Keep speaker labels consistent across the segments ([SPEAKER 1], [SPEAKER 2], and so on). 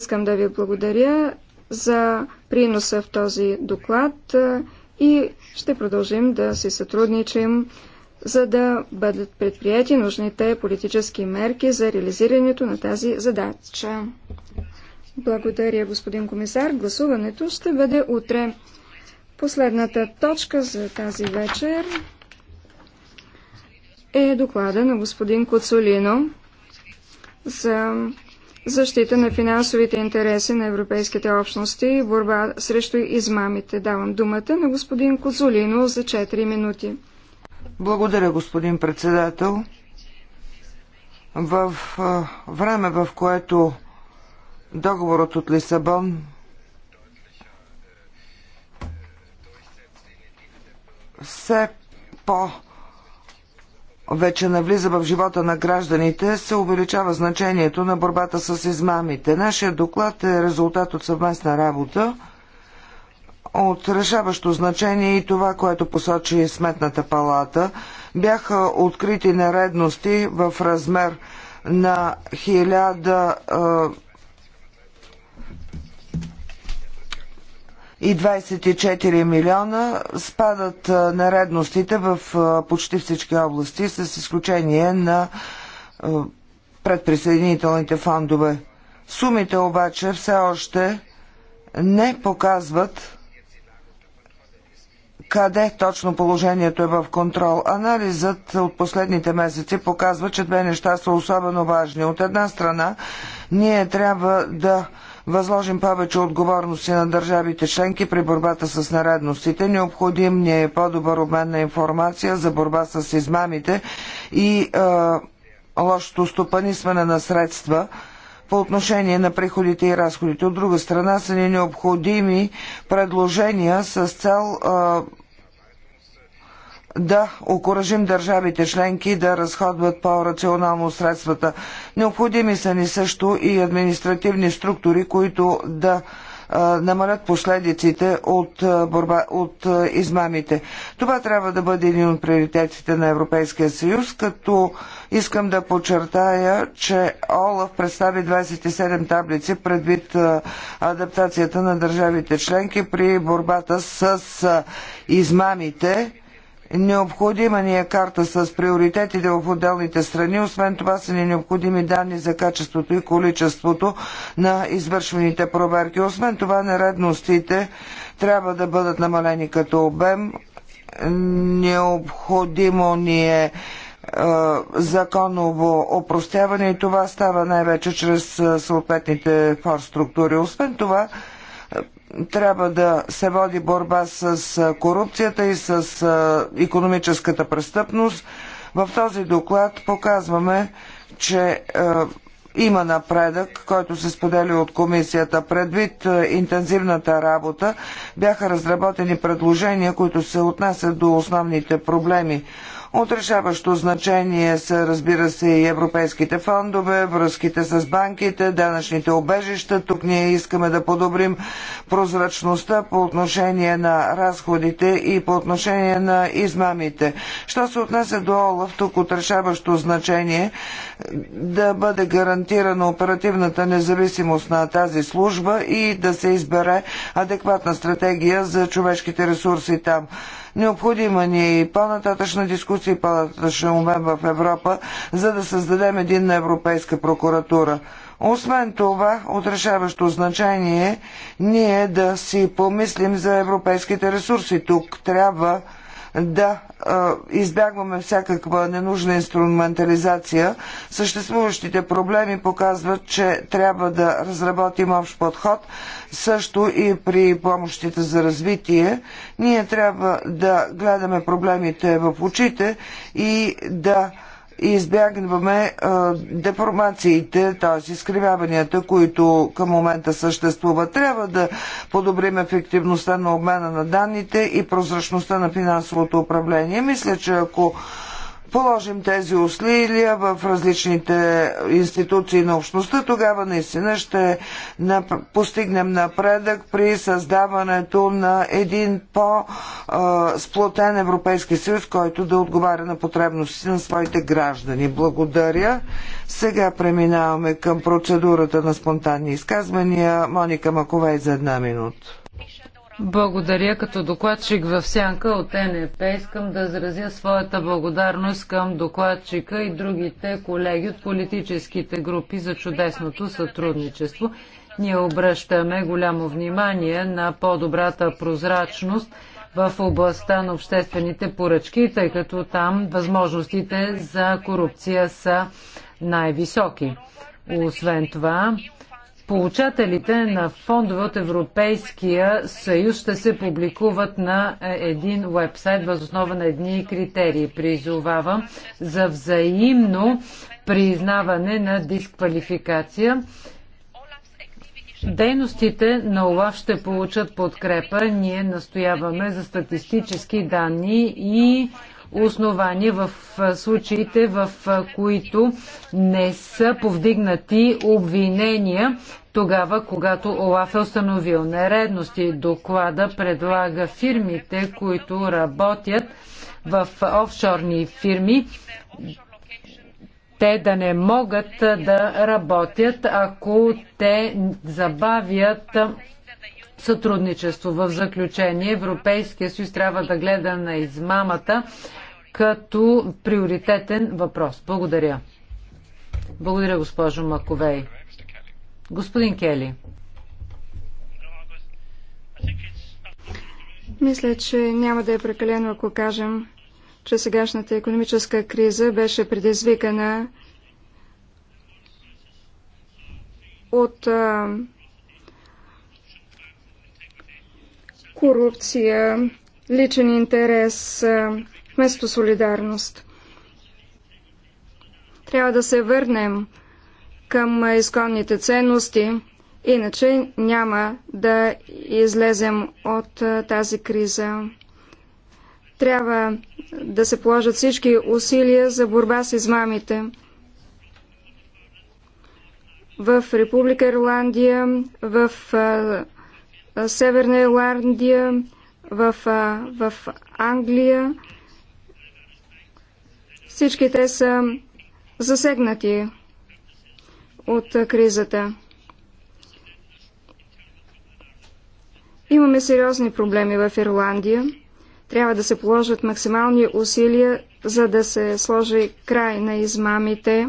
[SPEAKER 1] Искам да ви благодаря за приноса в този доклад и ще продължим да си сътрудничим, за да бъдат предприяти нужните политически мерки за реализирането на тази задача. Благодаря, господин комисар. Гласуването ще бъде утре. Последната точка за тази вечер е доклада на господин Коцолино за защита на финансовите интереси на европейските общности и борба срещу измамите. Давам думата на господин Козулино за 4 минути.
[SPEAKER 2] Благодаря, господин председател. В време, в което договорът от Лисабон все по- вече навлиза в живота на гражданите, се увеличава значението на борбата с измамите. Нашия доклад е резултат от съвместна работа от решаващо значение и това, което посочи Сметната палата. Бяха открити нередности в размер на 1000 и 24 милиона спадат наредностите в почти всички области, с изключение на предприсъединителните фондове. Сумите обаче все още не показват къде точно положението е в контрол. Анализът от последните месеци показва, че две неща са особено важни. От една страна, ние трябва да възложим повече отговорности на държавите членки при борбата с нередностите. Необходим ни е по-добър обмен на информация за борба с измамите и е, лошото стопанисване на средства по отношение на приходите и разходите. От друга страна са ни необходими предложения с цел е, да окоръжим държавите членки да разходват по-рационално средствата. Необходими са ни също и административни структури, които да намалят последиците от, борба, от измамите. Това трябва да бъде един от приоритетите на Европейския съюз, като искам да подчертая, че ОЛАФ представи 27 таблици предвид адаптацията на държавите членки при борбата с измамите Необходима ни е карта с приоритетите в отделните страни. Освен това са ни необходими данни за качеството и количеството на извършваните проверки. Освен това нередностите трябва да бъдат намалени като обем. Необходимо ни е, е законово опростяване и това става най-вече чрез е, съответните фор структури. Освен това, трябва да се води борба с корупцията и с економическата престъпност. В този доклад показваме, че има напредък, който се споделя от комисията. Предвид интензивната работа бяха разработени предложения, които се отнасят до основните проблеми. Отрешаващо значение са, разбира се, и европейските фондове, връзките с банките, данъчните обежища. Тук ние искаме да подобрим прозрачността по отношение на разходите и по отношение на измамите. Що се отнесе до ОЛАФ, тук отрешаващо значение да бъде гарантирана оперативната независимост на тази служба и да се избере адекватна стратегия за човешките ресурси там. Необходима ни е и по-нататъчна дискусия и по-нататъчен момент в Европа, за да създадем единна европейска прокуратура. Освен това, отрешаващо значение ние да си помислим за европейските ресурси. Тук трябва да избягваме всякаква ненужна инструментализация. Съществуващите проблеми показват, че трябва да разработим общ подход, също и при помощите за развитие. Ние трябва да гледаме проблемите в очите и да и избягваме деформациите, т.е. изкривяванията, които към момента съществуват. Трябва да подобрим ефективността на обмена на данните и прозрачността на финансовото управление. Мисля, че ако положим тези усилия в различните институции на общността, тогава наистина ще постигнем напредък при създаването на един по-сплотен Европейски съюз, който да отговаря на потребностите на своите граждани. Благодаря. Сега преминаваме към процедурата на спонтанни изказвания. Моника Маковей за една минута.
[SPEAKER 3] Благодаря като докладчик в сянка от НЕП. Искам да изразя своята благодарност към докладчика и другите колеги от политическите групи за чудесното сътрудничество. Ние обръщаме голямо внимание на по-добрата прозрачност в областта на обществените поръчки, тъй като там възможностите за корупция са най-високи. Освен това, Получателите на фондове от Европейския съюз ще се публикуват на е, един вебсайт възоснова на едни критерии. Призовавам за взаимно признаване на дисквалификация. Дейностите на ОЛАФ ще получат подкрепа. Ние настояваме за статистически данни и основание в случаите, в които не са повдигнати обвинения тогава, когато ОЛАФ е установил нередности. Доклада предлага фирмите, които работят в офшорни фирми, те да не могат да работят, ако те забавят сътрудничество. В заключение, Европейския съюз трябва да гледа на измамата като приоритетен въпрос. Благодаря. Благодаря, госпожо Маковей. Господин Кели.
[SPEAKER 1] Мисля, че няма да е прекалено, ако кажем, че сегашната економическа криза беше предизвикана от корупция, личен интерес вместо солидарност. Трябва да се върнем към изконните ценности, иначе няма да излезем от тази криза. Трябва да се положат всички усилия за борба с измамите. В Република Ирландия, в Северна Ирландия, в, в Англия. Всички те са засегнати от кризата. Имаме сериозни проблеми в Ирландия. Трябва да се положат максимални усилия, за да се сложи край на измамите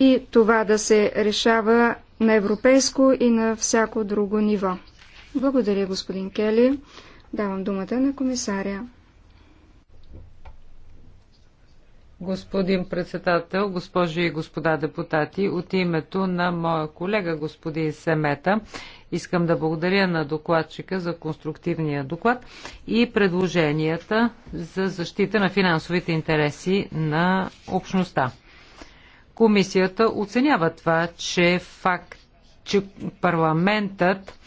[SPEAKER 1] и това да се решава на европейско и на всяко друго ниво. Благодаря, господин Кели. Давам думата на комисаря.
[SPEAKER 3] Господин председател, госпожи и господа депутати, от името на моя колега господин Семета искам да благодаря на докладчика за конструктивния доклад и предложенията за защита на финансовите интереси на общността. Комисията оценява това, че факт, че парламентът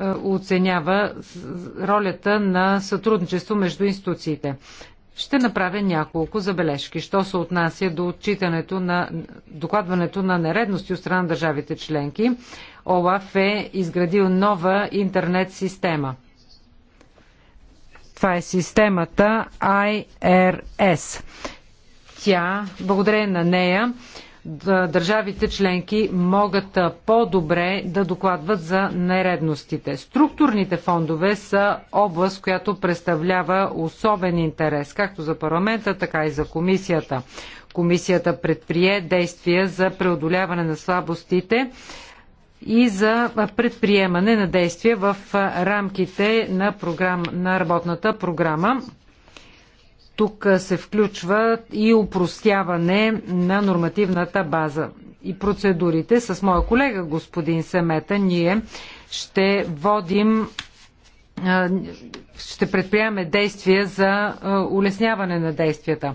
[SPEAKER 3] е, оценява ролята на сътрудничество между институциите. Ще направя няколко забележки, що се отнася до отчитането на докладването на нередности от страна на държавите членки. ОЛАФ е изградил нова интернет система. Това е системата IRS тя, благодарение на нея, държавите членки могат по-добре да докладват за нередностите. Структурните фондове са област, която представлява особен интерес, както за парламента, така и за комисията. Комисията предприе действия за преодоляване на слабостите и за предприемане на действия в рамките на, програм, на работната програма тук се включва и упростяване на нормативната база и процедурите. С моя колега господин Семета ние ще водим ще предприеме действия за улесняване на действията.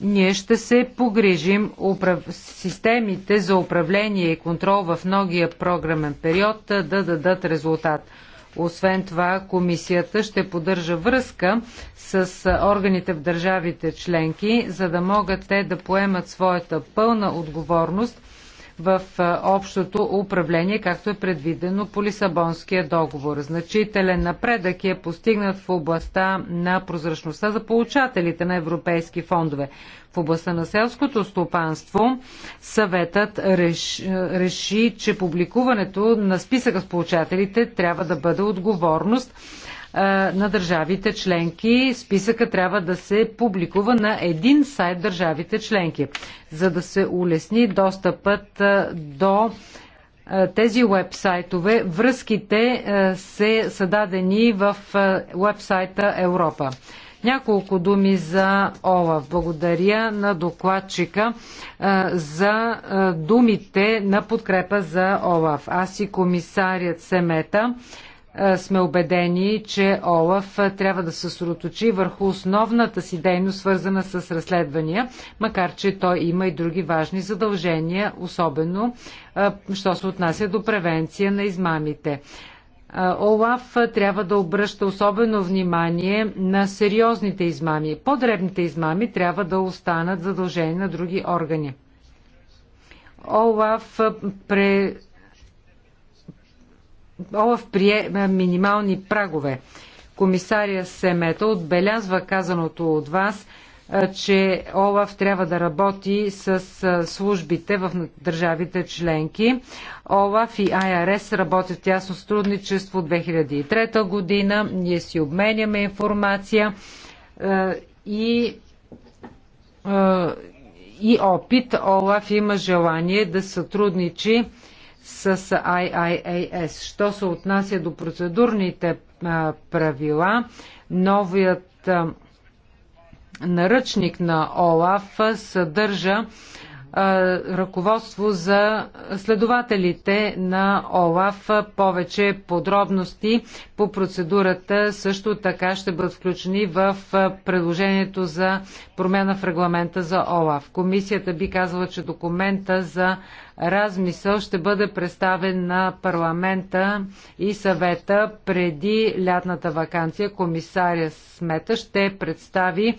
[SPEAKER 3] Ние ще се погрижим управ... системите за управление и контрол в многия програмен период да дадат резултат. Освен това, комисията ще поддържа връзка с органите в държавите членки, за да могат те да поемат своята пълна отговорност в общото управление, както е предвидено по Лисабонския договор. Значителен напредък е постигнат в областта на прозрачността за получателите на европейски фондове. В областта на селското стопанство съветът реши, реши, че публикуването на списъка с получателите трябва да бъде отговорност на държавите членки. Списъка трябва да се публикува на един сайт държавите членки, за да се улесни достъпът до тези уебсайтове. Връзките се, са дадени в уебсайта Европа. Няколко думи за ОЛАВ. Благодаря на докладчика за думите на подкрепа за ОЛАВ. Аз и комисарият Семета е, сме убедени, че ОЛАФ е, трябва да се сроточи върху основната си дейност, свързана с разследвания, макар че той има и други важни задължения, особено е, що се отнася до превенция на измамите. ОЛАФ трябва да обръща особено внимание на сериозните измами. По-дребните измами трябва да останат задължени на други органи. ОЛАФ пре Олаф прие минимални прагове. Комисария Семета отбелязва казаното от вас, че Олаф трябва да работи с службите в държавите членки. Олаф и АРС работят тясно сътрудничество 2003 година. Ние си обменяме информация и и опит. Олаф има желание да сътрудничи с IIAS. Що се отнася до процедурните правила, новият наръчник на ОЛАФ съдържа ръководство за следователите на ОЛАФ. Повече подробности по процедурата също така ще бъдат включени в предложението за промена в регламента за ОЛАФ. Комисията би казала, че документа за размисъл ще бъде представен на парламента и съвета преди лятната вакансия. Комисаря Смета ще представи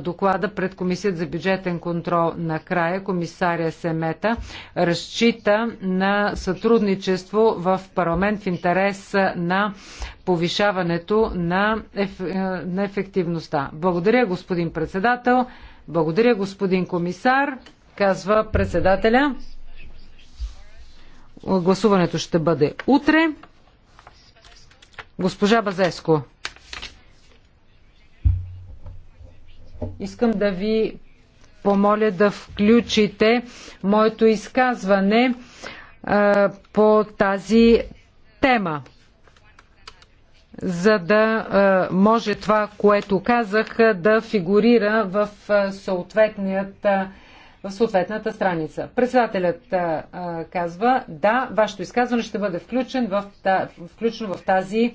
[SPEAKER 3] доклада пред Комисията за бюджетен контрол. на края, комисаря Семета разчита на сътрудничество в парламент в интерес на повишаването на, еф... на ефективността. Благодаря, господин председател. Благодаря, господин комисар, казва председателя. Гласуването ще бъде утре. Госпожа Базеско, искам да ви помоля да включите моето изказване а, по тази тема, за да а, може това, което казах, да фигурира в съответният а, в съответната страница. Председателят а, казва, да, вашето изказване ще бъде включен в, та, включено в тази